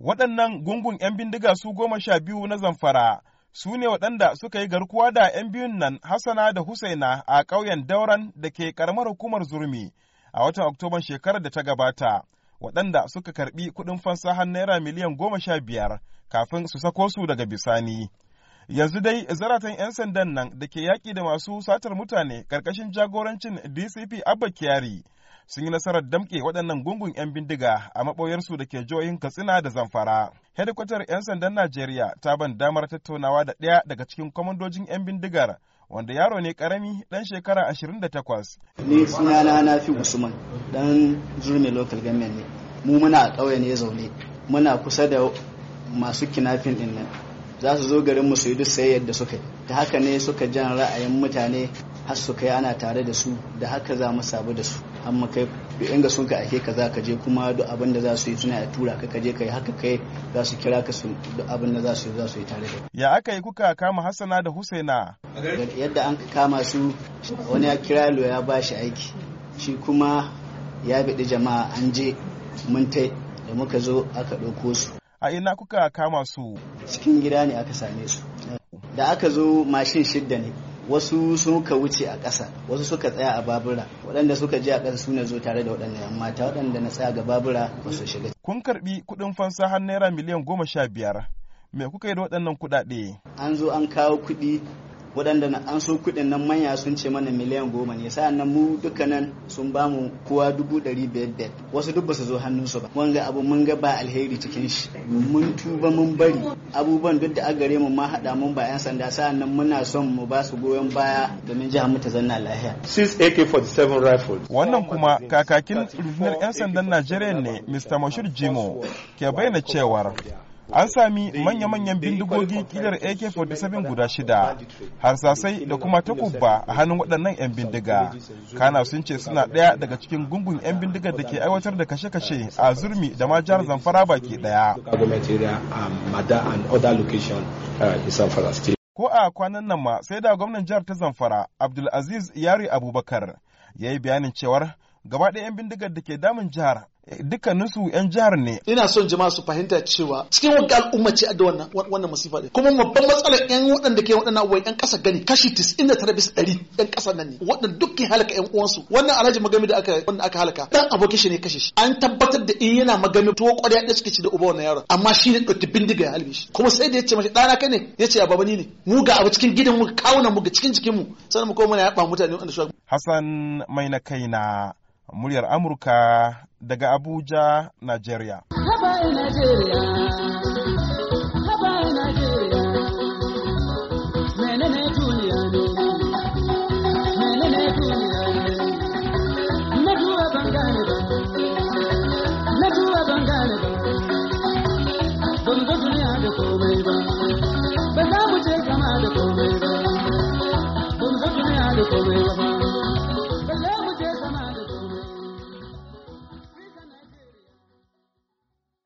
Waɗannan gungun 'yan bindiga su goma sha biyu na zamfara su ne waɗanda suka yi garkuwa da 'yan biyun nan Hassana da Husaina a ƙauyen Dauran da ke ƙaramar hukumar Zurmi a watan Oktoban shekarar da ta gabata, waɗanda suka karɓi kuɗin fansahan naira miliyan goma sha biyar kafin su sako su daga bisani. Yanzu dai zaratan 'yan sandan nan da ke yaƙi da masu satar mutane ƙarƙashin jagorancin DCP Abba Kyari sun yi nasarar damƙe waɗannan gungun 'yan bindiga a maɓoyarsu da ke jihohin katsina da zamfara hedikwatar 'yan sandan najeriya ta ban damar tattaunawa da ɗaya daga cikin kwamandojin 'yan bindigar wanda yaro ne karami ɗan shekara 28 ni sunana na fi usman dan zurmi local government ne mu muna a ƙauye ne zaune muna kusa da masu kinafin din nan za su zo garin su yi duk sai yadda suka ta haka ne suka jan ra'ayin mutane har su kai ana tare da su da haka za mu sabu da su amma kai inga sun ka ake ka za ka je kuma duk abin da za su yi suna ya tura ka ka yi kai haka kai za su kira ka su duk abin da za su yi za su yi tare da ya aka yi kuka kama Hassana da Husaina yadda an kama su wani ya kira lo ya ba shi aiki shi kuma ya bidi jama'a an je mun tai da muka zo aka ɗauko su a ina kuka kama su cikin gida ne aka same su da aka zo mashin shidda ne wasu suka wuce a ƙasa wasu suka tsaya a babura waɗanda suka je a ƙasa su zo tare da waɗanda yan mata waɗanda na tsaya ga babura ba su shiga. kun karɓi kuɗin fansa har naira miliyan goma sha biyar me kuka yi da waɗannan kuɗaɗe. an zo an kawo kuɗi waɗanda an so kuɗin nan manya sun ce mana miliyan goma ne sa'an nan mu dukkanan sun ba mu kowa dubu ɗari biyar biyar wasu duk basu zo hannunsu ba mun ga abu mun ga ba alheri cikin shi mun tuba mun bari abubuwan duk da a gare mu ma haɗa mun ba 'yan sanda sa'an nan muna son mu ba su goyon baya domin jihar mu ta zanna lahiya. six AK-47 rifles. Wannan kuma kakakin rundunar 'yan sandan Najeriya ne Mr. Mashir Jimo ke bayyana cewar an sami manya-manyan bindigogi kilar ak-47 uh, guda shida harsasai da kuma takubba a hannun waɗannan 'yan bindiga kana sun ce suna ɗaya daga cikin gungun 'yan bindigar da ke aiwatar da kashe-kashe uh, a zurmi da ma jihar zamfara baki ɗaya um, uh, ko a kwanan nan ma sai da gwamnan jihar ta zamfara abdulaziz yari abubakar ya yi bayanin cewar gaba ɗaya 'yan bindigar da ke damun jihar dukkaninsu 'yan jihar ne. Ina son jama'a su fahimta cewa cikin wani al'umma ce da wannan wannan masifa ne. Kuma babban matsalar 'yan waɗanda ke waɗannan abubuwan 'yan ƙasa gani kashi 99 bisa 100 'yan ƙasa nan ne waɗanda dukkan halaka 'yan uwansu. Wannan alhaji magami da aka wanda aka halaka dan abokin shi ne kashe shi. An tabbatar da in yana magami to ƙwarya da suke ci da uba wannan yaron amma shi ne ɗauki bindiga ya halbe shi. Kuma sai da ya ce mashi ɗana ka ne ya ce ya babani ne. Mu ga abu cikin gidan mu kawunan mu ga cikin jikin mu sannan mu koma mana ya mutane wanda shi. Hassan mai na kaina muryar Amurka daga Abuja, Najeriya. Thank you.